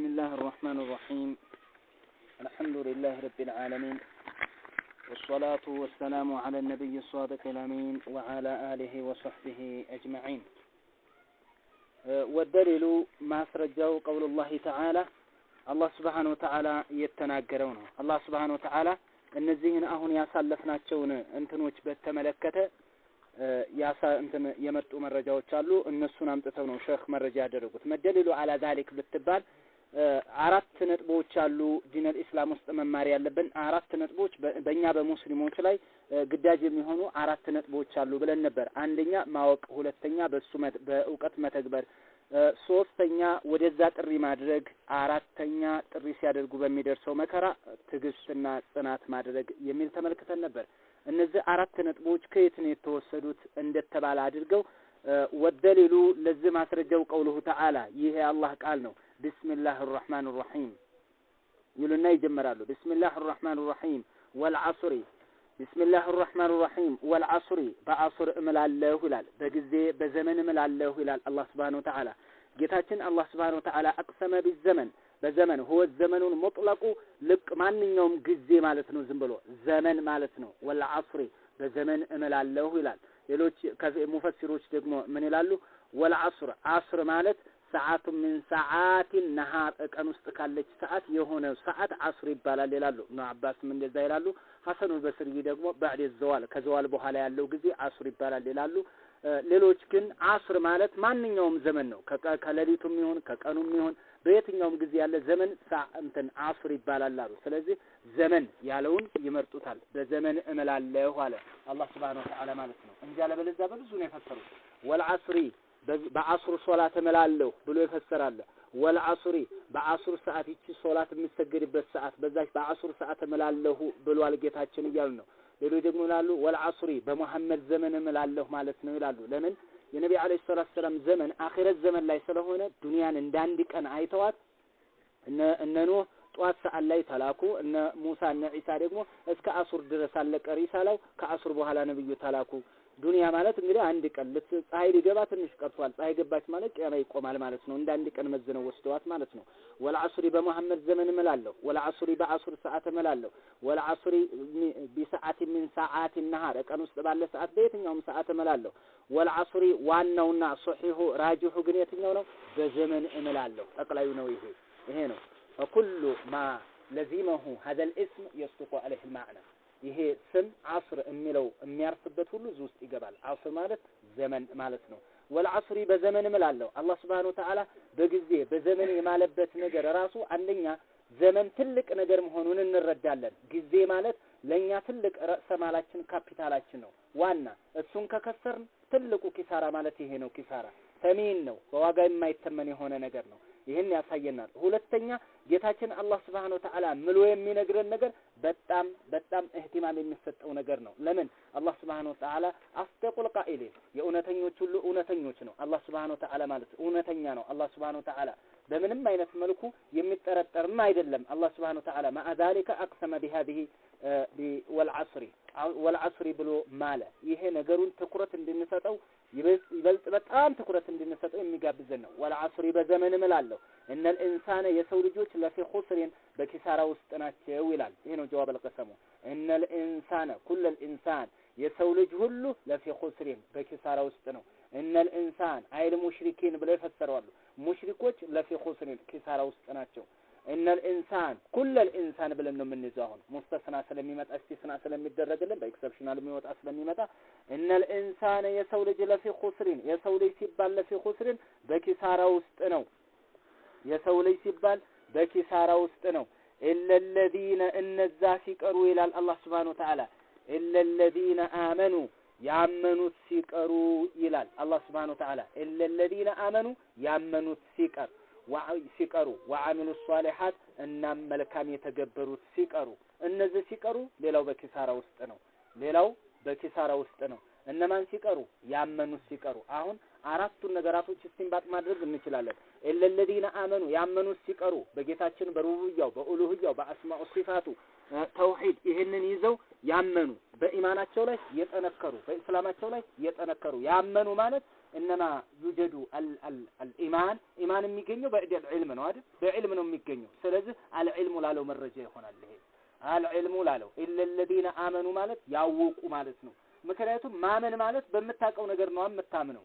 بسم الله الرحمن الرحيم الحمد لله رب العالمين والصلاة والسلام على النبي الصادق الأمين وعلى آله وصحبه أجمعين أه، والدليل ما سرجوا قول الله تعالى الله سبحانه وتعالى يتناقرون الله سبحانه وتعالى እነዚህን አሁን ያሳለፍናቸውን እንትኖች በተመለከተ ያሳ እንትን የመጡ መረጃዎች አሉ። እነሱን شيخ ነው ሸህ መረጃ ما መደልሉ على ذلك بالتبال አራት ነጥቦች አሉ። ዲነል ኢስላም ውስጥ መማር ያለብን አራት ነጥቦች በእኛ በሙስሊሞች ላይ ግዳጅ የሚሆኑ አራት ነጥቦች አሉ ብለን ነበር። አንደኛ ማወቅ፣ ሁለተኛ በሱ በእውቀት መተግበር፣ ሶስተኛ ወደዛ ጥሪ ማድረግ፣ አራተኛ ጥሪ ሲያደርጉ በሚደርሰው መከራ ትዕግስትና ጽናት ማድረግ የሚል ተመልክተን ነበር። እነዚህ አራት ነጥቦች ከየት ነው የተወሰዱት እንደተባለ አድርገው ወደሌሉ ለዚህ ማስረጃው ቀውልሁ ተዓላ ይሄ የአላህ ቃል ነው ቢስሚላህ ራሕማን ራሒም ይሉና ይጀምራሉ ቢስሚላህ ራሕማን ራሒም ወልዓሱሪ ቢስሚላህ ራሕማን ራሒም ወልዓሱሪ በአሱር እምላለሁ ይላል። በጊዜ በዘመን እምላለሁ ይላል አላህ ስብሓነሁ ወተዓላ ጌታችን አላህ ስብሓነሁ ወተዓላ አቅሰመ ቢዘመን በዘመን ህወ ዘመኑን መጥለቁ ልቅ ማንኛውም ጊዜ ማለት ነው። ዝም ብሎ ዘመን ማለት ነው። ወልዓሱሪ በዘመን እምላለሁ ይላል። ሌሎች ሙፈሲሮች ደግሞ ምን ይላሉ? ወልዓሱር አስር ማለት ሰዓቱ ምን ሰዓት ነሃር ቀን ውስጥ ካለች ሰዓት የሆነ ሰዓት አስር ይባላል ይላሉ። ኢብኑ አባስም እንደዛ ይላሉ። ሐሰኑ በስሪ ደግሞ ባዕድ ዘዋል ከዘዋል በኋላ ያለው ጊዜ አስር ይባላል ይላሉ። ሌሎች ግን አስር ማለት ማንኛውም ዘመን ነው። ከሌሊቱም ይሁን ከቀኑም ይሁን በየትኛውም ጊዜ ያለ ዘመን እንትን አሱር ይባላል አሉ። ስለዚህ ዘመን ያለውን ይመርጡታል። በዘመን እምላለሁ አለ አላህ ሱብሓነሁ ወተዓላ ማለት ነው እንጂ አለበለዚያ በብዙ ነው የፈሰሩት ወልዐስሪ በአሱር ሶላት እምላለሁ ብሎ ይፈሰራል። አሱሪ በአሱር ሰዓት ይቺ ሶላት የምሰገድበት ሰዓት በዛች በአሱር ሰዓት እምላለሁ ብሏል ጌታችን እያሉ ነው። ሌሎች ደግሞ ይላሉ አሱሪ በመሐመድ ዘመን እምላለሁ ማለት ነው ይላሉ። ለምን የነቢ አለይሂ ሰላቱ ሰላም ዘመን አኺረት ዘመን ላይ ስለሆነ ዱንያን እንደ አንድ ቀን አይተዋት። እነ ኖህ ጧት ሰዓት ላይ ተላኩ። እነ ሙሳ እነ ዒሳ ደግሞ እስከ አሱር ድረስ አለ። ቀሪ ከአሱር በኋላ ነብዩ ተላኩ። ዱንያ ማለት እንግዲህ አንድ ቀን ልት ፀሐይ ሊገባ ትንሽ ቀርቷል። ፀሐይ ገባች ማለት ቅያማ ይቆማል ማለት ነው። እንደ አንድ ቀን መዝነው ወስደዋት ማለት ነው። ወልዐሱሪ በመሐመድ ዘመን እምላለሁ፣ ወልዐሱሪ በአሱር ሰዓት እምላለሁ፣ ወልዐሱሪ ቢሰዓት ሚን ሰዓት ነሃር ቀን ውስጥ ባለ ሰዓት በየትኛውም ሰዓት እምላለሁ። ወልዐሱሪ ዋናውና ሶሒሁ ራጅሑ ግን የትኛው ነው? በዘመን እምላለሁ። ጠቅላዩ ነው ይሄ ይሄ ነው ኩሉ ማ ለዚመሁ ሀዘል እስም የስድቁ አለይህ ልማዕና ይሄ ስም አስር የሚለው የሚያርፍበት ሁሉ እዚህ ውስጥ ይገባል። አስር ማለት ዘመን ማለት ነው። ወልዓስሪ በዘመን እምላለሁ። አላህ ሱብሓነሁ ወተዓላ በጊዜ በዘመን የማለበት ነገር ራሱ አንደኛ ዘመን ትልቅ ነገር መሆኑን እንረዳለን። ጊዜ ማለት ለእኛ ትልቅ ርዕሰ ማላችን ካፒታላችን ነው ዋና። እሱን ከከሰርን ትልቁ ኪሳራ ማለት ይሄ ነው። ኪሳራ ሰሚን ነው፣ በዋጋ የማይተመን የሆነ ነገር ነው። ይህን ያሳየናል። ሁለተኛ ጌታችን አላህ ስብሐነ ወተዓላ ምሎ የሚነግረን ነገር በጣም በጣም እህቲማም የሚሰጠው ነገር ነው። ለምን አላህ ስብሐነ ወተዓላ አስደቁል ቃኢሊን የእውነተኞች ሁሉ እውነተኞች ነው። አላህ ስብሐነ ወተዓላ ማለት እውነተኛ ነው። አላህ ስብሐነ ወተዓላ በምንም አይነት መልኩ የሚጠረጠርም አይደለም። አላህ ስብሐነ ወተዓላ ማአ ዛሊከ አቅሰመ ቢሃዚሂ ወልዐስሪ ወልዐስሪ ብሎ ማለ። ይሄ ነገሩን ትኩረት እንድንሰጠው ይበልጥ በጣም ትኩረት እንድንሰጠው የሚጋብዘን ነው። ወልዐስሪ በዘመን እምላለሁ እነል ኢንሳነ የሰው ልጆች ለፊ ኹስሪን በኪሳራ ውስጥ ናቸው ይላል። ይሄ ነው ጀዋብ አልቀሰሙ እነል ኢንሳነ ኩለል ኢንሳን የሰው ልጅ ሁሉ ለፊ ኹስሪን በኪሳራ ውስጥ ነው። እነል ኢንሳን አይል ሙሽሪኪን ብለው ይፈሰረዋሉ። ሙሽሪኮች ለፊ ኹስሪን ኪሳራ ውስጥ ኢንሳን ኩለል ኢንሳን ብለን ነው የምንይዘው። አሁን ሙስተስና ስለሚመጣ እስቲስና ስለሚደረግልን በኤክሰፕሽናል የሚወጣ ስለሚመጣ እነል ኢንሳን የሰው ልጅ ለፊ ኹስሪን የሰው ልጅ ሲባል ለፊ ኹስሪን በኪሳራ ውስጥ ነው። የሰው ልጅ ሲባል በኪሳራ ውስጥ ነው። ኢለለዚነ እነዛ ሲቀሩ ይላል አላህ ሱብሓነሁ ወተዓላ ኢለለዚነ አመኑ ያመኑት ሲቀሩ ይላል አላህ ሱብሓነሁ ወተዓላ ኢለለዚነ አመኑ ያመኑት ሲቀር ሲቀሩ ወአሚሉ ሷሊሓት እናም መልካም የተገበሩት ሲቀሩ እነዚህ ሲቀሩ ሌላው በኪሳራ ውስጥ ነው። ሌላው በኪሳራ ውስጥ ነው። እነማን ሲቀሩ? ያመኑት ሲቀሩ። አሁን አራቱን ነገራቶች እስቲንባጥ ማድረግ እንችላለን። ኢለለዚነ አመኑ ያመኑት ሲቀሩ በጌታችን በሩቡያው በኡሉህያው በአስማኡ ሲፋቱ ተውሂድ ይህንን ይዘው ያመኑ በኢማናቸው ላይ የጠነከሩ በእስላማቸው ላይ የጠነከሩ ያመኑ ማለት እነማ ዩጀዱ አልኢማን ኢማን የሚገኘው በዕደል ነው አይደል? በዕልም ነው የሚገኘው። ስለዚህ አልዕልሙ ላለው መረጃ ይሆናል ይሄ አልዕልሙ ላለው ኢለ ለዚነ አመኑ ማለት ያወቁ ማለት ነው። ምክንያቱም ማመን ማለት በምታውቀው ነገር ነው የምታምነው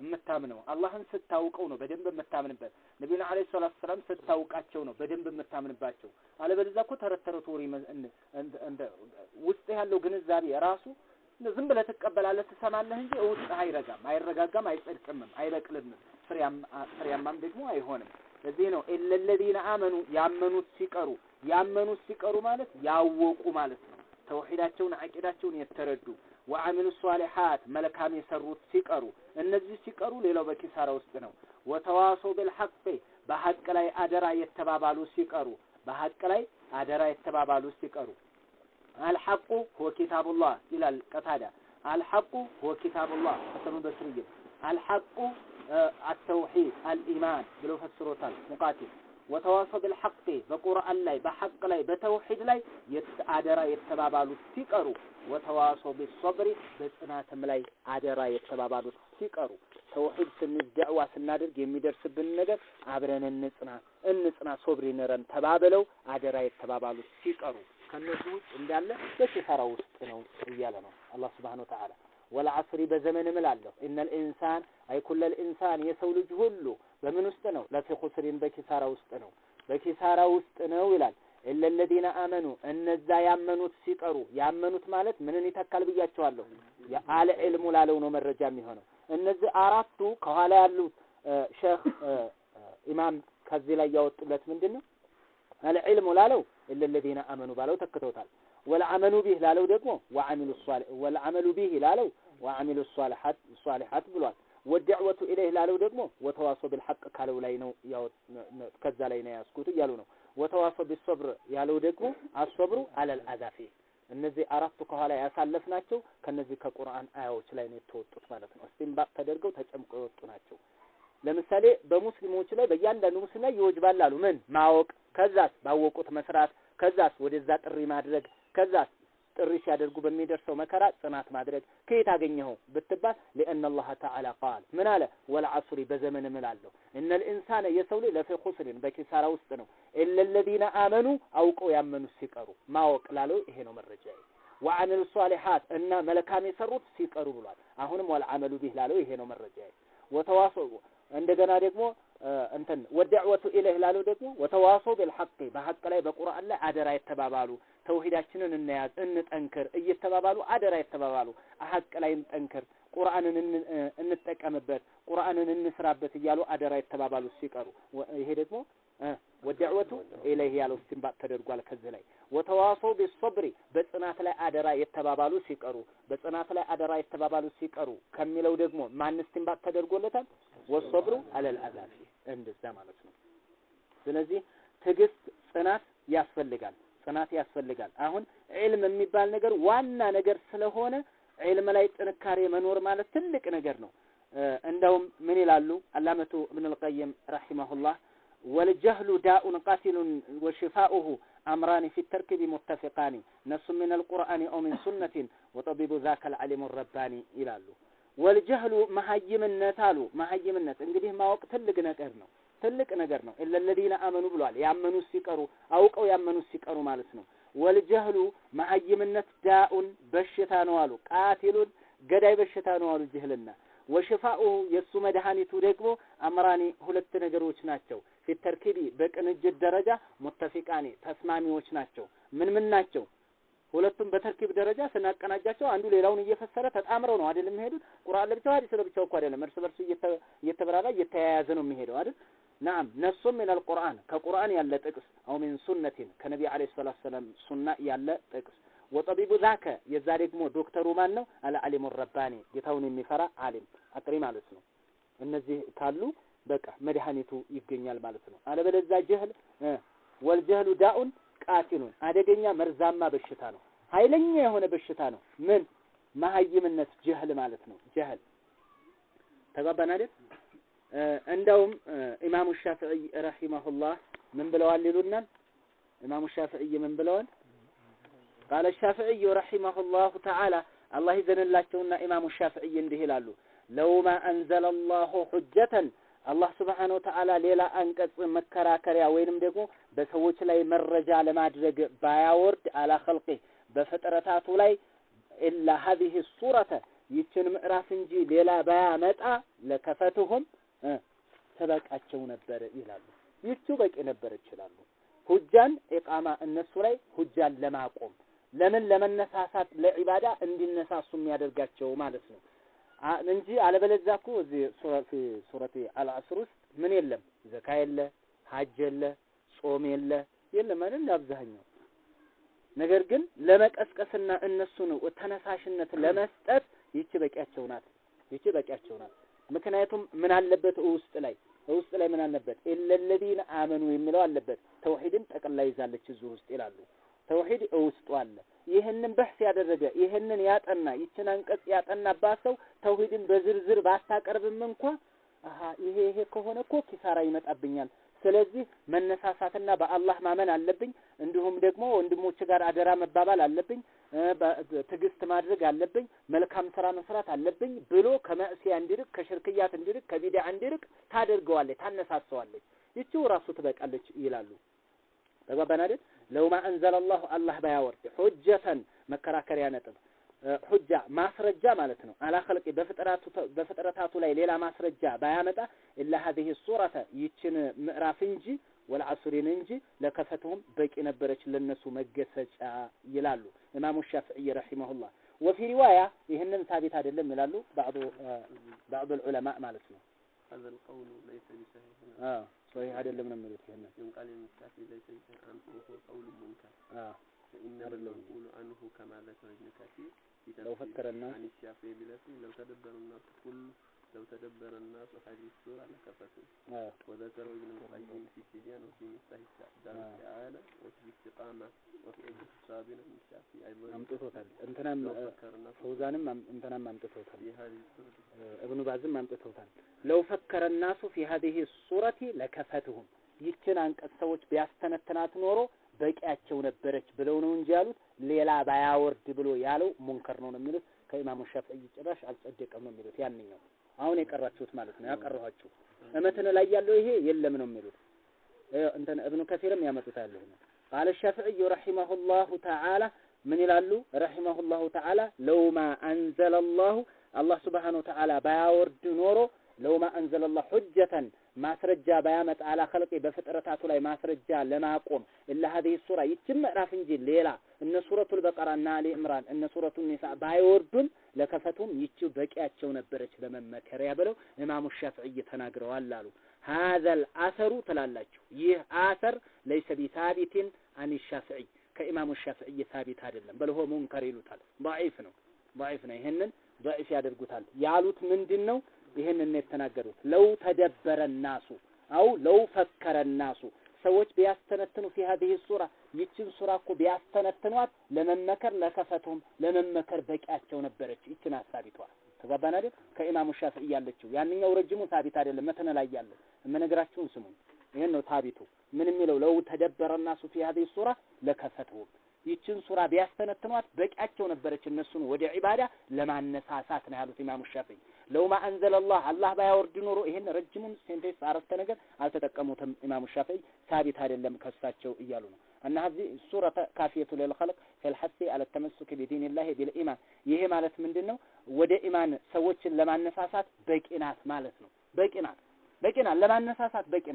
የምታምነው አላህን ስታውቀው ነው በደንብ የምታምንበት። ነቢዩን ዓለይሂ ሰላቱ ወሰላም ስታውቃቸው ነው በደንብ የምታምንባቸው። አለበለዚያ እኮ ተረት ተረት ወሬ ውስጥ ያለው ግንዛቤ ራሱ ዝም ብለህ ትቀበላለህ፣ ትሰማለህ እንጂ ውስጥ አይረጋም፣ አይረጋጋም፣ አይጸድቅምም፣ አይበቅልምም፣ ፍሬያማም ደግሞ አይሆንም። ለዚህ ነው ኢለለዚነ አመኑ ያመኑት ሲቀሩ ያመኑት ሲቀሩ ማለት ያወቁ ማለት ነው። ተውሂዳቸውን አቂዳቸውን የተረዱ ወአሚሉ ሷሊሓት መልካም የሰሩት ሲቀሩ እነዚህ ሲቀሩ ሌላው በኪሳራ ውስጥ ነው። ወተዋሶ ቢልሐቅ በሐቅ ላይ አደራ የተባባሉ ሲቀሩ በሐቅ ላይ አደራ የተባባሉ ሲቀሩ አልሐቁ ሆ ኪታቡላህ ይላል ቀታዳ። አልሐቁ ሆ ኪታቡላህ ሐሰኑ በስርይ አልሐቁ አተውሂድ አልኢማን ብሎ ፈስሮታል ሙቃቲል። ወተዋሰው ቢልሐቅ በቁርአን ላይ በሐቅ ላይ በተውሂድ ላይ አደራ የተባባሉት ሲቀሩ ወተዋሰው ቢሶብሪ በጽናትም ላይ አደራ የተባባሉት ሲቀሩ ተውሂድ ስንይዝ ዳዕዋ ስናደርግ የሚደርስብን ነገር አብረን እንጽና እንጽና ሶብሪ ንረን ተባብለው አደራ የተባባሉት ሲቀሩ ከነዚህ ውጭ እንዳለ በኪሳራ ውስጥ ነው እያለ ነው አላህ ስብሓነ ወተዓላ ወልዓስሪ በዘመን እምላለሁ ኢነል ኢንሳን አይ ኩለል ኢንሳን የሰው ልጅ ሁሉ በምን ውስጥ ነው? ለፊ ኹስሪን በኪሳራ ውስጥ ነው፣ በኪሳራ ውስጥ ነው ይላል። ኢለ ለዚነ አመኑ እነዛ ያመኑት ሲቀሩ ያመኑት ማለት ምንን ይተካል ብያቸዋለሁ። አለ ዕልሙ ላለው ነው መረጃ የሚሆነው። እነዚህ አራቱ ከኋላ ያሉት ሼህ ኢማም ከዚህ ላይ ያወጡለት ምንድን ነው? አለ ዕልሙ ላለው ኢለ አመኑ ባለው ተክተውታል። ወልዓመሉ ቢህ ላለው ደግሞ ወዓሚሉ ሷሊህ ወልዓመሉ ቢህ ላለው ወዓሚሉ ሷሊሐት ሷሊሐት ብሏል። ወደዕወቱ ኢለይህ ላለው ደግሞ ወተዋሶ ቢልሐቅ ካለው ላይ ነው ከዛ ላይ ነው ያስኩት እያሉ ነው። ወተዋሶ ቢሶብር ያለው ደግሞ አሶብሩ አለል አዛፊ እነዚህ አራቱ ከኋላ ያሳለፍናቸው ከነዚህ ከቁርአን አያዎች ላይ ነው የተወጡት ማለት ነው። እስቲንባጥ ተደርገው ተጨምቀው የወጡ ናቸው። ለምሳሌ በሙስሊሞች ላይ በእያንዳንዱ ሙስሊም ላይ ይወጅባል አሉ። ምን ማወቅ፣ ከዛስ ባወቁት መስራት፣ ከዛስ ወደዛ ጥሪ ማድረግ፣ ከዛስ ጥሪ ሲያደርጉ በሚደርሰው መከራ ጽናት ማድረግ። ከየት አገኘኸው ብትባል ለአን አላህ ተዓላ ቃል ምን አለ? ወልዐሱሪ በዘመን እምላለሁ እነል ኢንሳነ የሰው ልጅ ለፊ ኹስሪን በኪሳራ ውስጥ ነው። ኢለ አመኑ አውቀው ያመኑት ሲቀሩ ማወቅ ላለው ይሄ ነው መረጃ ወዐሚሉ ሷሊሓት እና መልካም የሰሩት ሲቀሩ ብሏል። አሁንም ወልዐመሉ ቢህ ላለው ይሄ ነው መረጃ ወተዋሰው እንደገና ደግሞ እንትን ወደዕወቱ ኢለህ ላሉ ደግሞ ወተዋሶ ቢልሐቅ በሐቅ ላይ በቁርአን ላይ አደራ የተባባሉ ተውሂዳችንን እናያዝ እንጠንክር እየተባባሉ አደራ የተባባሉ አሐቅ ላይ እንጠንክር፣ ቁርአንን እንጠቀምበት፣ ቁርአንን እንስራበት እያሉ አደራ የተባባሉ ሲቀሩ ይሄ ደግሞ ወደዕወቱ ኢለይህ ያለው ስቲንባጥ ተደርጓል። ከዚህ ላይ ወተዋሰው ቢሶብሪ በጽናት ላይ አደራ የተባባሉ ሲቀሩ በጽናት ላይ አደራ የተባባሉ ሲቀሩ ከሚለው ደግሞ ማን ስቲንባጥ ተደርጎለታል? ወሶብሩ አለል አዛፊ እንደዛ ማለት ነው። ስለዚህ ትዕግስት፣ ጽናት ያስፈልጋል። ጽናት ያስፈልጋል። አሁን ዒልም የሚባል ነገር ዋና ነገር ስለሆነ ዒልም ላይ ጥንካሬ መኖር ማለት ትልቅ ነገር ነው። እንደውም ምን ይላሉ አላመቱ እብኑል ቀይም ረሂመሁላህ ወልጀህሉ ዳኡን ቀቲሉን ወሽፋኡሁ አምራን ፊ ተርኪቢ ሙተፊቃኒ ነሱ ምን አልቁርአን ኦ ምን ሱነቲን ወጠቢቡ ዛከ ልዓሊሙ ረባኒ ይላሉ። ወልጀህሉ መሀይምነት አሉ። መሀይምነት እንግዲህ ማወቅ ትልቅ ነገር ነው። ትልቅ ነገር ነው። ለለዚነ አመኑ ብሏል። ያመኑ ሲቀሩ አውቀው ያመኑ ሲቀሩ ማለት ነው። ወልጀህሉ መሀይምነት ዳኡን በሽታ ነው አሉ። ቃቲሉን ገዳይ በሽታ ነው አሉ። ጅህልና ወሽፋኡ የእሱ መድኃኒቱ ደግሞ አምራኒ ሁለት ነገሮች ናቸው። ፊተርኪቢ በቅንጅት ደረጃ ሙተፊቃኔ ተስማሚዎች ናቸው። ምን ምን ናቸው? ሁለቱም በተርኪብ ደረጃ ስናቀናጃቸው አንዱ ሌላውን እየፈሰረ ተጣምረው ነው አይደል የሚሄዱት። ቁርአን ለብቻው ሐዲስ ለብቻው እኮ አይደለም፣ እርስ በርሱ እየተበራራ እየተያያዘ ነው የሚሄደው አይደል። ናም ነሱም ሚነል ቁርአን ከቁርአን ያለ ጥቅስ አው ሚን ሱነቲን ከነቢ ዓለይሂ ሰላቱ ወሰላም ሱና ያለ ጥቅስ ወጠቢቡ ዛከ የዛ ደግሞ ዶክተሩ ማን ነው? አልዓሊሙ ረባኒ ጌታውን የሚፈራ አሊም አቅሪ ማለት ነው። እነዚህ ካሉ በቃ መድኃኒቱ ይገኛል ማለት ነው። አለበለዛ ጀህል ወልጀህሉ ዳኡን ቃቲሉን አደገኛ መርዛማ በሽታ ነው። ኃይለኛ የሆነ በሽታ ነው። ምን መሀይምነት ጀህል ማለት ነው። ጀህል ተግባባን አይደል? እንደውም ኢማሙ ሻፊዒ ረሂመሁላህ ምን ብለዋል ይሉናል። ኢማሙ ሻፊዒ ምን ብለዋል? ቃለ ሻፊዒ ረሂመሁላሁ ተዓላ አላህ ይዘንላቸውና ኢማሙ ሻፊዒ እንዲህ ይላሉ ለው ማ ሁጀተን አላህ ስብሓነ ወተዓላ ሌላ አንቀጽ መከራከሪያ ወይንም ደግሞ በሰዎች ላይ መረጃ ለማድረግ ባያወርድ አላ ኸልቂ በፍጥረታቱ ላይ ኢላ ሀዚህ ሱረተ ይችን ምዕራፍ እንጂ ሌላ ባያመጣ ለከፈትሁም ተበቃቸው ነበር ይላሉ። ይቹ በቂ ነበር ይችላሉ። ሁጃን ኢቃማ እነሱ ላይ ሁጃን ለማቆም ለምን ለመነሳሳት ለዒባዳ እንዲነሳሱ የሚያደርጋቸው ማለት ነው። እንጂ አለበለዛ እኮ እዚህ ሱረቲ ሱረቲ አልዓስር ውስጥ ምን የለም፣ ዘካ የለ፣ ሀጅ የለ፣ ጾም የለ የለም አይደል አብዛኛው። ነገር ግን ለመቀስቀስና እነሱን ተነሳሽነት ለመስጠት ይቺ በቂያቸው ናት፣ ይቺ በቂያቸው ናት። ምክንያቱም ምን አለበት ውስጥ ላይ ውስጥ ላይ ምን አለበት ኢለለዚነ አመኑ የሚለው አለበት። ተውሂድን ጠቅልላ ይዛለች እዚህ ውስጥ ይላሉ። ተውሂድ እውስጡ አለ። ይህንን በሕስ ያደረገ ይህንን ያጠና ይችን አንቀጽ ያጠናባት ሰው ተውሂድን በዝርዝር ባታቀርብም እንኳ አሀ ይሄ ይሄ ከሆነ እኮ ኪሳራ ይመጣብኛል። ስለዚህ መነሳሳትና በአላህ ማመን አለብኝ። እንዲሁም ደግሞ ወንድሞች ጋር አደራ መባባል አለብኝ። ትዕግስት ማድረግ አለብኝ። መልካም ስራ መስራት አለብኝ ብሎ ከመእስያ እንዲርቅ፣ ከሽርክያት እንዲርቅ፣ ከቢድዓ እንዲርቅ ታደርገዋለች፣ ታነሳሰዋለች። ይቺው ራሱ ትበቃለች ይላሉ። ተጓባን አይደል? ለው ለውማ አንዘለላሁ አላህ ባያወርድ ሁጀተን መከራከሪያ ነጥብ ሁጃ ማስረጃ ማለት ነው። አላ ኸልቂ በፍጥረታቱ ላይ ሌላ ማስረጃ ባያመጣ ኢላ ሀዚህ ሱረተ ይችን ምዕራፍ እንጂ ወልዓሱሪን እንጂ ለከፈተውም በቂ ነበረች ለነሱ መገሰጫ ይላሉ ኢማሙ ሻፍዕይ ረሒመሁላህ። ወፊ ሪዋያ ይህንን ሳቢት አይደለም ይላሉ ባዕዱ ዑለማ ማለት ነው። ሶሒህ አይደለም ነው የሚሉት ይሄንን من قال المفتاح ليس شرعا فهو قول منكر فإنما المنقول عنه كما ذكر ابن كثير في لو فكر الناس عن الشافعي بلفظه لو تدبر الناس كل لو الناس هذه السورة لكفتهم وذكروا ابن القيم في بيان وفي مفتاح دار السعادة وفي الاستقامة وفي الاقتصاد ነው الشافعي أيضا አምጥቶታል እንትናም ፈውዛንም እንትናም አምጥተውታል እብኑ ባዝም አምጥቶታል ለው ፈከረ الناس في هذه الصورة لكفتهم ይችን አንቀጽ ሰዎች ቢያስተነትናት ኖሮ በቂያቸው ነበረች ብለው ነው እንጂ ያሉት ሌላ ባያወርድ ብሎ ያለው ሙንከር ነው ነው የሚሉት ከኢማሙ ሻፍዒ ጭራሽ አልጸደቀም ነው የሚሉት ያንኛው አሁን የቀራችሁት ማለት ነው ያቀረኋችሁ እመትን ላይ ያለው ይሄ የለም ነው የሚሉት እንትን እብኑ ከሲርም ያመጡታል ነው قال الشافعي رحمه الله تعالى ምን ይላሉ رحمه الله تعالى لو ما انزل الله الله سبحانه وتعالى ባያወርድ ኖሮ لو ما انزل الله حجة ማስረጃ ባያመጣ አላ ኸልቂ በፍጥረታቱ ላይ ማስረጃ ለማቆም ኢላ ሀዚህ ሱራ ይችን ምዕራፍ እንጂ ሌላ እነ ሱረቱል በቀራ እና አሊ ዕምራን እነ ሱረቱ ኒሳ ባይወርዱም ለከፈቱም ይቺው በቂያቸው ነበረች ለመመከሪያ ብለው ኢማሙ ሻፍዕይ ተናግረዋል አሉ። ሀዘል አሰሩ ትላላችሁ። ይህ አሰር ለይሰ ቢታቢቲን አኒ ሻፍዕይ ከኢማሙ ሻፍዕይ ታቢት አይደለም፣ በልሆ ሙንከር ይሉታል። ضعيف ነው ضعيف ነው። ይህንን ضعيف ያደርጉታል። ያሉት ምንድን ነው? ይህንን የተናገሩት ለው ተደበረ ናሱ አው ለው ፈከረ ናሱ ሰዎች ቢያስተነትኑ ፊ هذه ሱራ ይችን ሱራ እኮ ቢያስተነትኗት ለመመከር ለከፈቱም ለመመከር በቂያቸው ነበረች። ይችን አሳቢቷ ተጓባን አይደል? ከኢማሙ ሻፊዒ ያለችው ያንኛው ረጅሙ ታቢት አይደለም፣ መተነ ላይ ያለ የምነግራችሁን ስሙ ይሄን ነው ታቢቱ ምን የሚለው ለው ተደበረ ናሱ ፊ هذه ሱራ ለከፈቱም ይችን ሱራ ቢያስተነትኗት በቂያቸው ነበረች እነሱን ወደ ዒባዳ ለማነሳሳት ነው ያሉት ኢማሙ ሻፊዒ። ለውማ አንዘለላህ አላህ ባያወርድ ኖሮ ይሄን ረጅሙን ሴንቴንስ አረፍተ ነገር አልተጠቀሙትም ኢማሙ ሻፊዒ። ሳቢት አይደለም ከሳቸው እያሉ ነው እና እዚህ ሱረተ ካፊየቱ ለልኸልቅ ፈልሐሴ አለተመሱክ ቢዲንላሂ ቢልኢማን ይሄ ማለት ምንድን ነው? ወደ ኢማን ሰዎችን ለማነሳሳት በቂናት ማለት ነው። በቂ ናት፣ ለማነሳሳት በቂ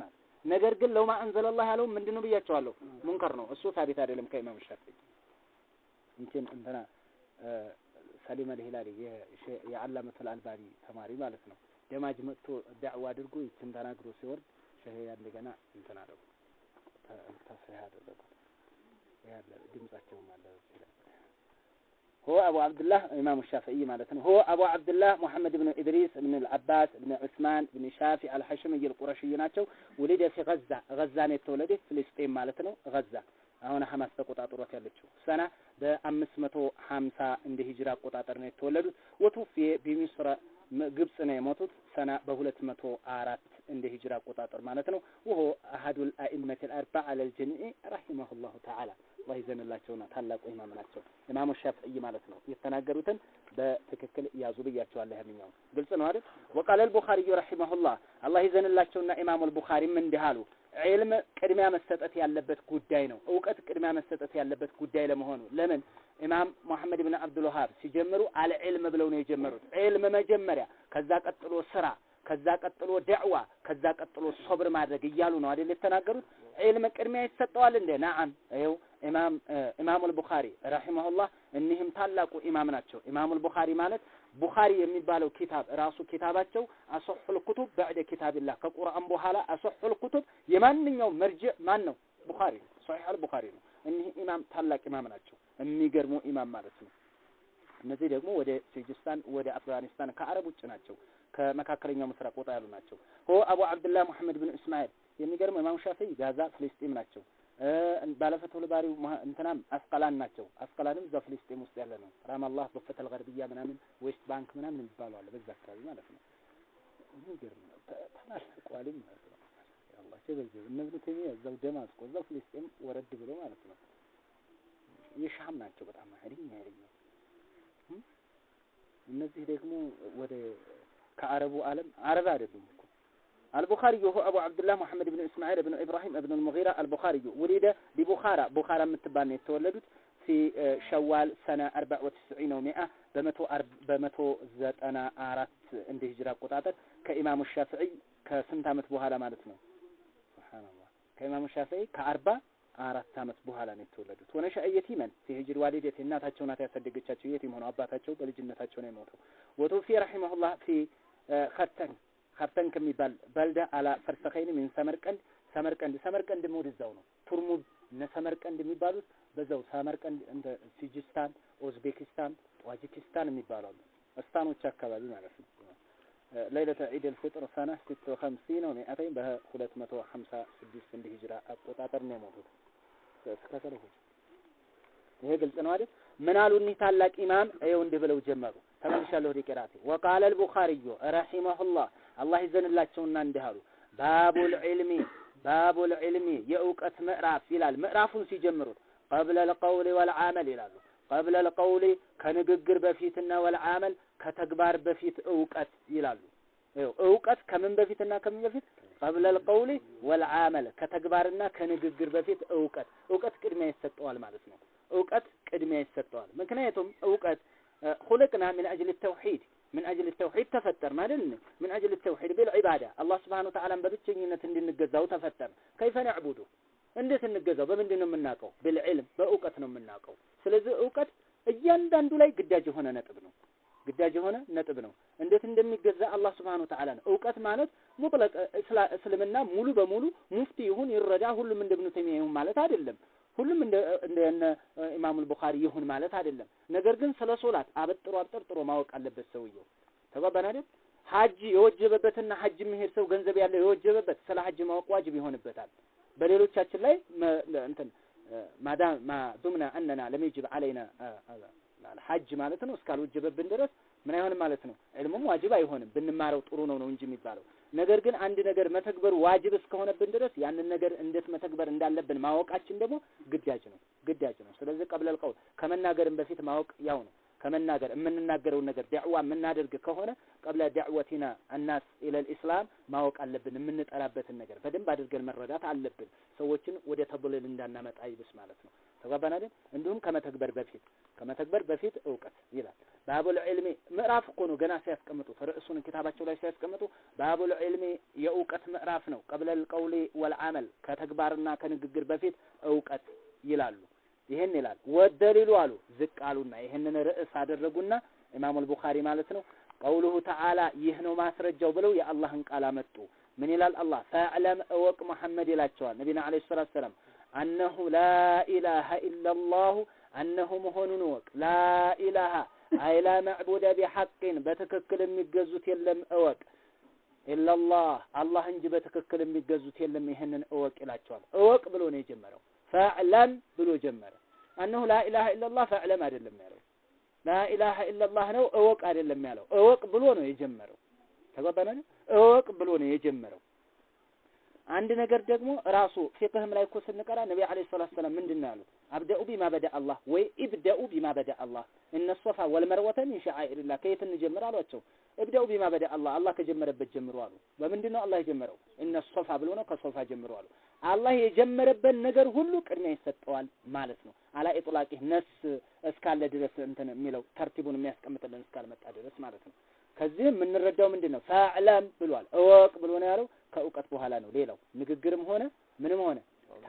ነገር ግን ለውማ አንዘለላህ ያለው ምንድነው ብያቸዋለሁ፣ ሙንከር ነው እሱ ሳቢት አይደለም ከኢማም ሻፊዒ እንትን እንትና ሰሊም አልሂላሊ የአላመቱል አልባኒ ተማሪ ማለት ነው። ደማጅ መጥቶ ዳዕዋ አድርጎ ይችን ተናግሮ ሲወርድ ሸሄያ እንደገና እንትን አደረጉ ተስሪህ ያለ ድምጻቸውም አለ ይላል هو أبو عبد الله إمام الشافعي مالتنا هو أبو عبد الله محمد بن إدريس بن العباس بن عثمان بن شافع الحشمي القرشي ناتشو ولد في غزة غزة نتولد فلسطين مالتنا غزة አሁን ሐማስ ተቆጣጥሮት ያለችው ሰና በ550 እንደ ሂጅራ አቆጣጠር ነው የተወለዱት ወቱፊ በሚስራ ግብጽ ነው የሞቱት ሰና በ204 እንደ ሂጅራ አቆጣጠር ማለት ነው። ወሆ አሀዱል አኢመቲል አልአርባ አለል ጀሚዕ ረሂመሁላሁ ተዓላ አላህ ይዘንላቸውና ታላቁ ኢማም ናቸው። ኢማሙ ሻፍዒ ማለት ነው። የተናገሩትን በትክክል ያዙ ብያቸዋለሁ። ያንኛው ግልጽ ነው አይደል? ወቃለል ቡኻሪዩ ረሂመሁላህ አላህ ይዘንላቸውና ኢማሙል ቡኻሪም እንዲህ አሉ። ዒልም ቅድሚያ መሰጠት ያለበት ጉዳይ ነው። እውቀት ቅድሚያ መሰጠት ያለበት ጉዳይ ለመሆኑ ለምን ኢማም ሙሐመድ ብን አብዱልውሃብ ሲጀምሩ አለ ዒልም ብለው ነው የጀመሩት። ዒልም መጀመሪያ፣ ከዛ ቀጥሎ ስራ ከዛ ቀጥሎ ደዕዋ፣ ከዛ ቀጥሎ ሶብር ማድረግ እያሉ ነው አይደል የተናገሩት። ዒልም ቅድሚያ ይሰጠዋል እንደ ናዓም። ይኸው ኢማም ኢማሙ ቡኻሪ ረሂመሁላህ እኒህም ታላቁ ኢማም ናቸው። ኢማሙል ቡኻሪ ማለት ቡኻሪ የሚባለው ኪታብ ራሱ ኪታባቸው አሶሑል ኩቱብ በዕደ ኪታብላህ ከቁርአን በኋላ አሶሑል ኩቱብ የማንኛውም መርጅዕ ማን ነው? ቡኻሪ ሶሒሕ አልቡኻሪ ነው። እኒህ ኢማም ታላቅ ኢማም ናቸው። የሚገርሙ ኢማም ማለት ነው። እነዚህ ደግሞ ወደ ሲጅስታን ወደ አፍጋኒስታን ከአረብ ውጭ ናቸው። ከመካከለኛው ምስራቅ ወጣ ያሉ ናቸው። ሆ አቡ አብድላህ ሙሐመድ ብን እስማኤል የሚገርም ኢማም ሻፊዒ ጋዛ ፍልስጤም ናቸው። ባለፈተው ልባሪው እንትናም አስቀላን ናቸው። አስቀላንም እዛ ፍልስጤም ውስጥ ያለ ነው። ራማላህ በፈተል ገርብያ ምናምን ዌስት ባንክ ምናምን የሚባለው አለ በዛ አካባቢ ማለት ነው። የሚገርም ማለት ነው። ያላ ሸበጀብ እነብኑ ተይሚያ እዛው ደማስቆ እዛው ፍልስጤም ወረድ ብሎ ማለት ነው። የሻም ናቸው። በጣም ሀይለኛ ሀይለኛ እነዚህ ደግሞ ወደ ከአረቡ ዓለም አረብ አይደሉም እኮ አልቡኻሪዩ ሁ አቡ አብዱላህ ሙሐመድ ብን እስማኤል ብን ኢብራሂም ብን ልሙራ አልቡኻሪዩ ውሊደ ቢቡኻራ ቡኻራ የምትባል ነው የተወለዱት ፊ ሸዋል ሰነ አርባ ወትስዒን ሚአ በመቶ ዘጠና አራት እንደ ሂጅራ አቆጣጠር ከኢማሙ ሻፍዒ ከስንት ዓመት በኋላ ማለት ነው? ሱብሓነላህ ከኢማሙ ሻፍዒ ከአርባ አራት ዓመት በኋላ ነው የተወለዱት። ወነሸ የቲመን ፊ ዋሊደት እናታቸው ናት ያሳደገቻቸው የቲም ሆነው አባታቸው በልጅነታቸው ነው የሞተው። ወቱፊ ረሒመሁላህ ፊ ከተን ከተን ከሚባል በልዳ አላ ፈርሰኸይን ሚን ሰመርቀንድ ሰመርቀንድ ሰመርቀንድም ወደዛው ነው። ቱርሙዝ እነ ሰመርቀንድ የሚባሉት በዛው ሰመርቀንድ እንደ ሲጅስታን፣ ኡዝቤኪስታን፣ ጣጂኪስታን የሚባሉ እስታኖች አካባቢ ማለት ነው። ለይለተ ዒድ አልፍጥር ሰና 56 ነው ሚአተይን በ256 እንደ ሂጅራ አቆጣጠር ነው የሞቱት። ይሄ ግልጽ ነው አይደል? ምን አሉ እኒህ ታላቅ ኢማም? ይኸው እንዲህ ብለው ጀመሩ ተመልሻለሁ ወደ ቂራቴ ወቃለ አልቡኻሪዩ ረሒመሁላህ አላህ ይዘንላቸውና እንዲህ አሉ ባቡል ዒልሚ ባቡል ዒልሚ የእውቀት ምዕራፍ ይላል ምዕራፉን ሲጀምሩት ቀብለ ልቀውል ወልዓመል ይላሉ ቀብለ ልቀውል ከንግግር በፊትና ወልዓመል ከተግባር በፊት እውቀት ይላሉ እውቀት ከምን በፊትና ከምን በፊት ቀብለ ልቀውል ወልዓመል ከተግባርና ከንግግር በፊት እውቀት እውቀት ቅድሚያ ይሰጠዋል ማለት ነው እውቀት ቅድሚያ ይሰጠዋል ምክንያቱም እውቀት خلقنا من أجل التوحيد من أجل التوحيد تفتر ما لن من أجل التوحيد بالعبادة الله سبحانه وتعالى ببتشينة እንድንገዛው ተፈጠር كيف نعبده እንዴት እንገዛው በምንድን ነው የምናውቀው بالعلم በእውቀት ነው የምናውቀው ስለዚህ እውቀት እያንዳንዱ ላይ ግዳጅ የሆነ ነጥብ ነው ግዳጅ የሆነ ነጥብ ነው እንዴት እንደሚገዛ አላህ Subhanahu Wa Ta'ala ነው እውቀት ማለት ሙጥለቅ እስልምና ሙሉ በሙሉ ሙፍቲ ይሁን ይረዳ ሁሉም እንደ ኢብኑ ተይሚያ ይሁን ማለት አይደለም ሁሉም እንደ እንደ ኢማሙል ቡኻሪ ይሁን ማለት አይደለም። ነገር ግን ስለ ሶላት አበጥሮ አብጠርጥሮ ማወቅ አለበት ሰውየው። ተጓባን አይደል? ሀጅ የወጀበበትና ሀጅ የሚሄድ ሰው ገንዘብ ያለው የወጀበበት ስለ ሀጅ ማወቅ ዋጅብ ይሆንበታል። በሌሎቻችን ላይ እንትን ማዳም ዱምና አነና ለሚጅብ አለይና ሀጅ ማለት ነው እስካልወጀበብን ድረስ ምን አይሆንም ማለት ነው። ዕልሙም ዋጅብ አይሆንም። ብንማረው ጥሩ ነው ነው እንጂ የሚባለው ነገር ግን አንድ ነገር መተግበሩ ዋጅብ እስከሆነብን ድረስ ያንን ነገር እንዴት መተግበር እንዳለብን ማወቃችን ደግሞ ግዳጅ ነው ግዳጅ ነው። ስለዚህ ቀብለል ቀውል ከመናገርም በፊት ማወቅ ያው ነው። ከመናገር የምንናገረውን ነገር ዳዕዋ የምናደርግ ከሆነ ቀብለ ዳዕወቲና አናስ ኢለል ኢስላም ማወቅ አለብን። የምንጠራበትን ነገር በደንብ አድርገን መረዳት አለብን። ሰዎችን ወደ ተብልል እንዳናመጣ ይብስ ማለት ነው። ተጓባናለን። እንዲሁም ከመተግበር በፊት ከመተግበር በፊት ባቡል ዒልሚ ምዕራፍ እኮ ነው ገና ሲያስቀምጡ ርዕሱን ኪታባቸው ላይ ሲያስቀምጡ ባቡል ዒልሚ የእውቀት ምዕራፍ ነው። ቀብለል ቀውሊ ወልዓመል ከተግባርና ከንግግር በፊት እውቀት ይላሉ። ይህን ይላል ወደሊሉ አሉ ዝቅ አሉና ይህንን ርዕስ አደረጉና ኢማሙ አልቡኻሪ ማለት ነው ቀውሉሁ ተዓላ ይህ ነው ማስረጃው ብለው የአላህን ቃል አመጡ። ምን ይላል አላህ ፈዕለም እወቅ መሐመድ ይላቸዋል ነቢና ዓለይሂ ሰላቱ ሰላም አነሁ ላኢላሃ ኢላሃ ኢለላሁ አነሁ መሆኑን እወቅ ላ አይላ መዕቡደ ቢሐቅን በትክክል የሚገዙት የለም እወቅ ኢላላህ አላህ እንጂ በትክክል የሚገዙት የለም ይህንን እወቅ ይላቸዋል። እወቅ ብሎ ነው የጀመረው። ፈዕለም ብሎ ጀመረ። አነሁ ላኢላሃ ኢለላህ ፈዕለም አይደለም ያለው፣ ላኢላሃ ኢለላህ ነው እወቅ አይደለም ያለው። እወቅ ብሎ ነው የጀመረው። ተጓባነ እወቅ ብሎ ነው የጀመረው። አንድ ነገር ደግሞ ራሱ ፊቅህም ላይ እኮ ስንቀራ ነቢ ዓለይሂ ሰላቱ ሰላም ምንድን ነው ያሉት? አብደኡ ቢማ በዳ አላህ ወይ ኢብደኡ ቢማ በዳ አላህ እነ ሶፋ ወልመርወተ ሚን ሸዓኢሪላህ ከየት እንጀምር አሏቸው። እብደኡ ቢማ በዳ አላህ አላህ ከጀመረበት ጀምሮ አሉ። በምንድን ነው አላህ የጀመረው? እነ ሶፋ ብሎ ነው ከሶፋ ጀምሮ አሉ። አላህ የጀመረበት ነገር ሁሉ ቅድሚያ ይሰጠዋል ማለት ነው። አላ ኢጥላቂ ነስ እስካለ ድረስ እንትን የሚለው ተርቲቡን የሚያስቀምጥልን እስካልመጣ ድረስ ማለት ነው። ከዚህ የምንረዳው ምንድን ነው? ፈዕለም ብሏል፣ እወቅ ብሎ ነው ያለው። ከእውቀት በኋላ ነው ሌላው ንግግርም ሆነ ምንም ሆነ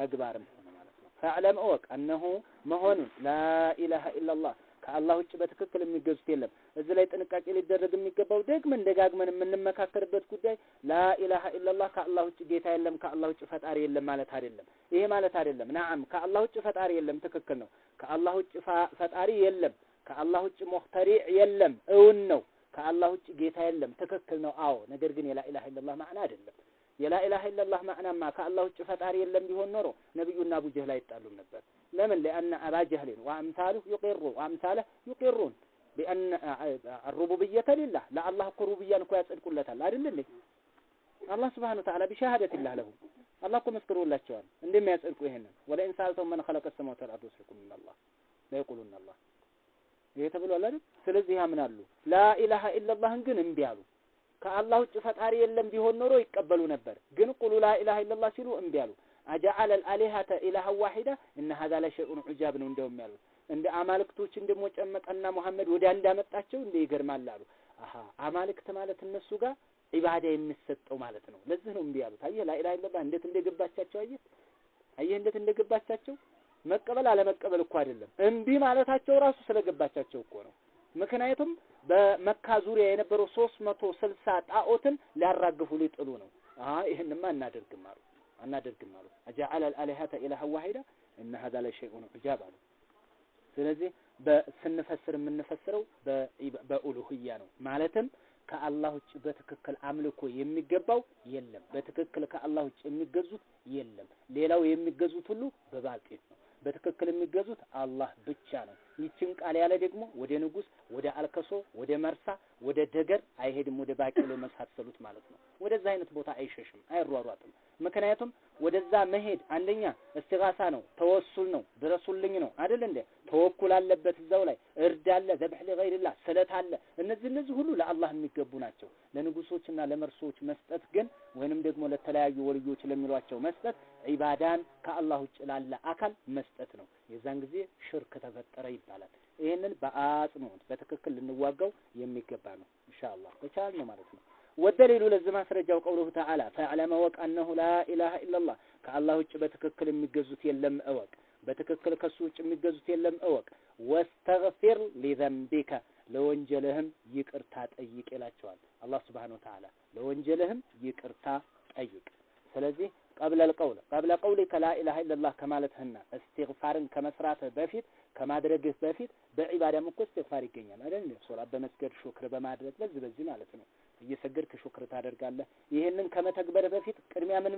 ተግባርም ፈዕለም እወቅ እነሆ መሆኑን ላኢላሃ ኢላላህ ከአላህ ውጭ በትክክል የሚገዙት የለም። እዚህ ላይ ጥንቃቄ ሊደረግ የሚገባው ደግመን ደጋግመን የምንመካከርበት ጉዳይ ላኢላሃ ኢላላህ ከአላህ ውጭ ጌታ የለም፣ ከአላህ ውጭ ፈጣሪ የለም ማለት አይደለም። ይሄ ማለት አይደለም። ናዓም ከአላህ ውጭ ፈጣሪ የለም፣ ትክክል ነው። ከአላህ ውጭ ፈጣሪ የለም፣ ከአላህ ውጭ ሙኽተሪዕ የለም፣ እውን ነው። ከአላህ ውጭ ጌታ የለም፣ ትክክል ነው። አዎ፣ ነገር ግን የላኢላሃ ኢላላህ ማዕና አይደለም። የላኢላህ ኢለላህ ማዕናማ ከአላህ ውጭ ፈጣሪ የለም ቢሆን ኖሮ ነቢዩና አቡ ጀህል አይጣሉም ነበር። ለምን ሊአነ አባ ጀህልን ወአምሳልህ ዩቂሩ ወአምሳልህ ዩቂሩን ቢአነ ሩቡብየተ ሊላህ ለአላህ እኮ ሩቡያን እኮ ያጸድቁለታል አይደል እንዴ? አላህ ስብሓነ ወተዓላ ቢሻሃደቲላህ ለሁም አላህ እኮ መስክሮላቸዋል እንደሚያጸድቁ ይሄንን ወለኢን ሰአልተሁም መን ኸለቀ ሰማዋት ወልአርድ ወስልኩም ሚነላህ ለየቁሉና አላህ ይሄ ተብሏል አይደል? ስለዚህ ያምናሉ። ላኢላሃ ኢለላህን ግን እምቢ አሉ። ከአላህ ውጭ ፈጣሪ የለም ቢሆን ኖሮ ይቀበሉ ነበር። ግን ቁሉ ላኢላሃ ኢለላህ ሲሉ እምቢ አሉ። አጃአለ አልአሊሀተ ኢላሃ ዋሂዳ እነ ሀዛ ለሸይኡን ዑጃብ ነው እንደውም ያሉት። እንደ አማልክቶችን ደግሞ ጨመቀና ሙሐመድ ወደ አንድ አመጣቸው። እንደ ይገርማል አሉ። አሀ አማልክት ማለት እነሱ ጋር ኢባዳ የሚሰጠው ማለት ነው። ለዚህ ነው እምቢ ያሉት። አየህ ላኢላሃ ኢለላህ እንዴት እንደገባቻቸው አየህ፣ አየህ እንዴት እንደገባቻቸው። መቀበል አለመቀበል እኮ አይደለም እምቢ ማለታቸው ራሱ ስለገባቻቸው እኮ ነው። ምክንያቱም በመካ ዙሪያ የነበረው ሶስት መቶ ስልሳ ጣዖትን ሊያራግፉ ሊጥሉ ነው። አሀ ይህንማ እናደርግም አሉ አናደርግም አሉ። አጃአለ አልአሊሀተ ኢላሀ ዋሂዳ እነ ሀዛ ለሸይኡን ዑጃብ አሉ። ስለዚህ በስንፈስር የምንፈስረው በኡሉህያ ነው። ማለትም ከአላህ ውጭ በትክክል አምልኮ የሚገባው የለም። በትክክል ከአላህ ውጭ የሚገዙት የለም። ሌላው የሚገዙት ሁሉ በባጢል በትክክል የሚገዙት አላህ ብቻ ነው። ይችን ቃል ያለ ደግሞ ወደ ንጉስ፣ ወደ አልከሶ፣ ወደ መርሳ፣ ወደ ደገር አይሄድም፣ ወደ ባቄሎ መሳሰሉት ማለት ነው። ወደዛ አይነት ቦታ አይሸሽም፣ አይሯሯጥም። ምክንያቱም ወደዛ መሄድ አንደኛ እስትጋሳ ነው፣ ተወሱል ነው፣ ድረሱልኝ ነው አይደል እንዴ? ተወኩል አለበት እዛው ላይ እርድ አለ፣ ዘብሕ ሊገይርላ ስለት አለ። እነዚህ እነዚህ ሁሉ ለአላህ የሚገቡ ናቸው። ለንጉሶችና ለመርሶች መስጠት ግን ወይንም ደግሞ ለተለያዩ ወልዮች ለሚሏቸው መስጠት ዒባዳን ከአላህ ውጭ ላለ አካል መስጠት ነው። የዛን ጊዜ ሽርክ ተፈጠረ ይባላል። ይህንን በአጽንኦት በትክክል ልንዋጋው የሚገባ ነው ኢንሻአላህ በቻል ነው ማለት ነው። ወደሌሉ ለዚህ ማስረጃው ቀውሉሁ ተዓላ ፈዕለመ ወቅ አነሁ ላ ኢላሃ ከአላህ ውጭ በትክክል የሚገዙት የለም እወቅ። በትክክል ከሱ ውጭ የሚገዙት የለም እወቅ። ወስተግፊር ሊዘንቢከ ለወንጀልህም ይቅርታ ጠይቅ ይላቸዋል አላህ ስብሓነሁ ወተዓላ ለወንጀልህም ይቅርታ ጠይቅ። ስለዚህ ቀብለል ቀውል ቀብለ ቀውሊ ከላ ኢለላህ ከማለትህና እስትግፋርን ከመስራትህ በፊት ከማድረግህ በፊት በዒባዳም እኮ እስትግፋር ይገኛል አይደል? ሶላት በመስገድ ሹክር በማድረግ በዚህ በዚህ ማለት ነው። እየሰገድክ ሹክር ታደርጋለህ። ይህንን ከመተግበር በፊት ቅድሚያ ምን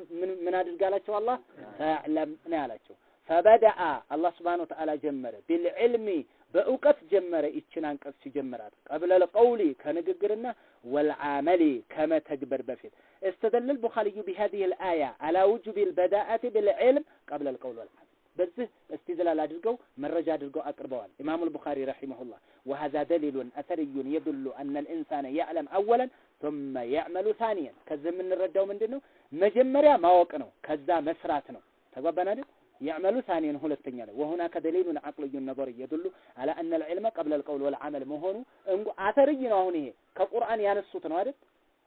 ምን አድርጋላቸው አላህ ፈዕለም ነው ያላቸው። ፈበደአ አላህ ስብሓነሁ ወተዓላ ጀመረ ቢልዕልሚ በእውቀት ጀመረ። ይችን አንቀጽ ሲጀምራት ቀብለል ቀውሊ ከንግግርና والعمل كما تكبر بفيت استدل البخاري بهذه الآية على وجوب البداءة بالعلم قبل القول والعمل በዚህ استدلال አድርገው መረጃ አድርገው አቅርበዋል ኢማሙ البخاري رحمه الله وهذا دليل أثري يدل أن الإنسان يعلم أولا ثم يعمل ثانيا ከዚህ የምንረዳው ምንድነው መጀመሪያ ማወቅ ነው ከዛ መስራት ነው ተግባባን አይደል ያዕመሉ ሳኒን ሁለተኛ ላይ ወሁናከ ደሊሉን አቅልዩን ነበር እየድሉ አላ አነል ዒልመ ቀብለል ቀውል ወልዓመል መሆኑ እንጉ አተርይ ነው። አሁን ይሄ ከቁርአን ያነሱት ነው አይደል?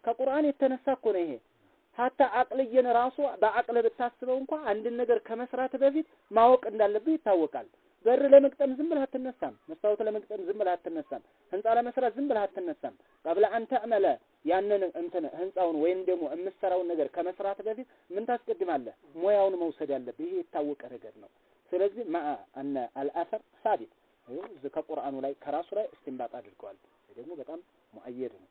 ከቁርአን የተነሳ እኮ ነው ይሄ ሀታ አቅልየን ራሱ በአቅለ ብታስበው እንኳ አንድን ነገር ከመስራት በፊት ማወቅ እንዳለብህ ይታወቃል። በር ለመቅጠም ዝም ብለህ አትነሳም። መስታወት ለመግጠም ዝም ብለህ አትነሳም። ህንፃ ለመስራት ዝም ብለህ አትነሳም። ቀብለ አንተ አመለ ያንን እንትን ህንፃውን ወይም ደግሞ የምትሰራውን ነገር ከመስራት በፊት ምን ታስቀድማለህ? ሙያውን መውሰድ ያለብህ ይሄ የታወቀ ነገር ነው። ስለዚህ ማአ አነ አልአሰር ሳቢት ከቁርአኑ ላይ ከራሱ ላይ እስትንባጥ አድርገዋል። ደግሞ በጣም ሙአየድ ነው።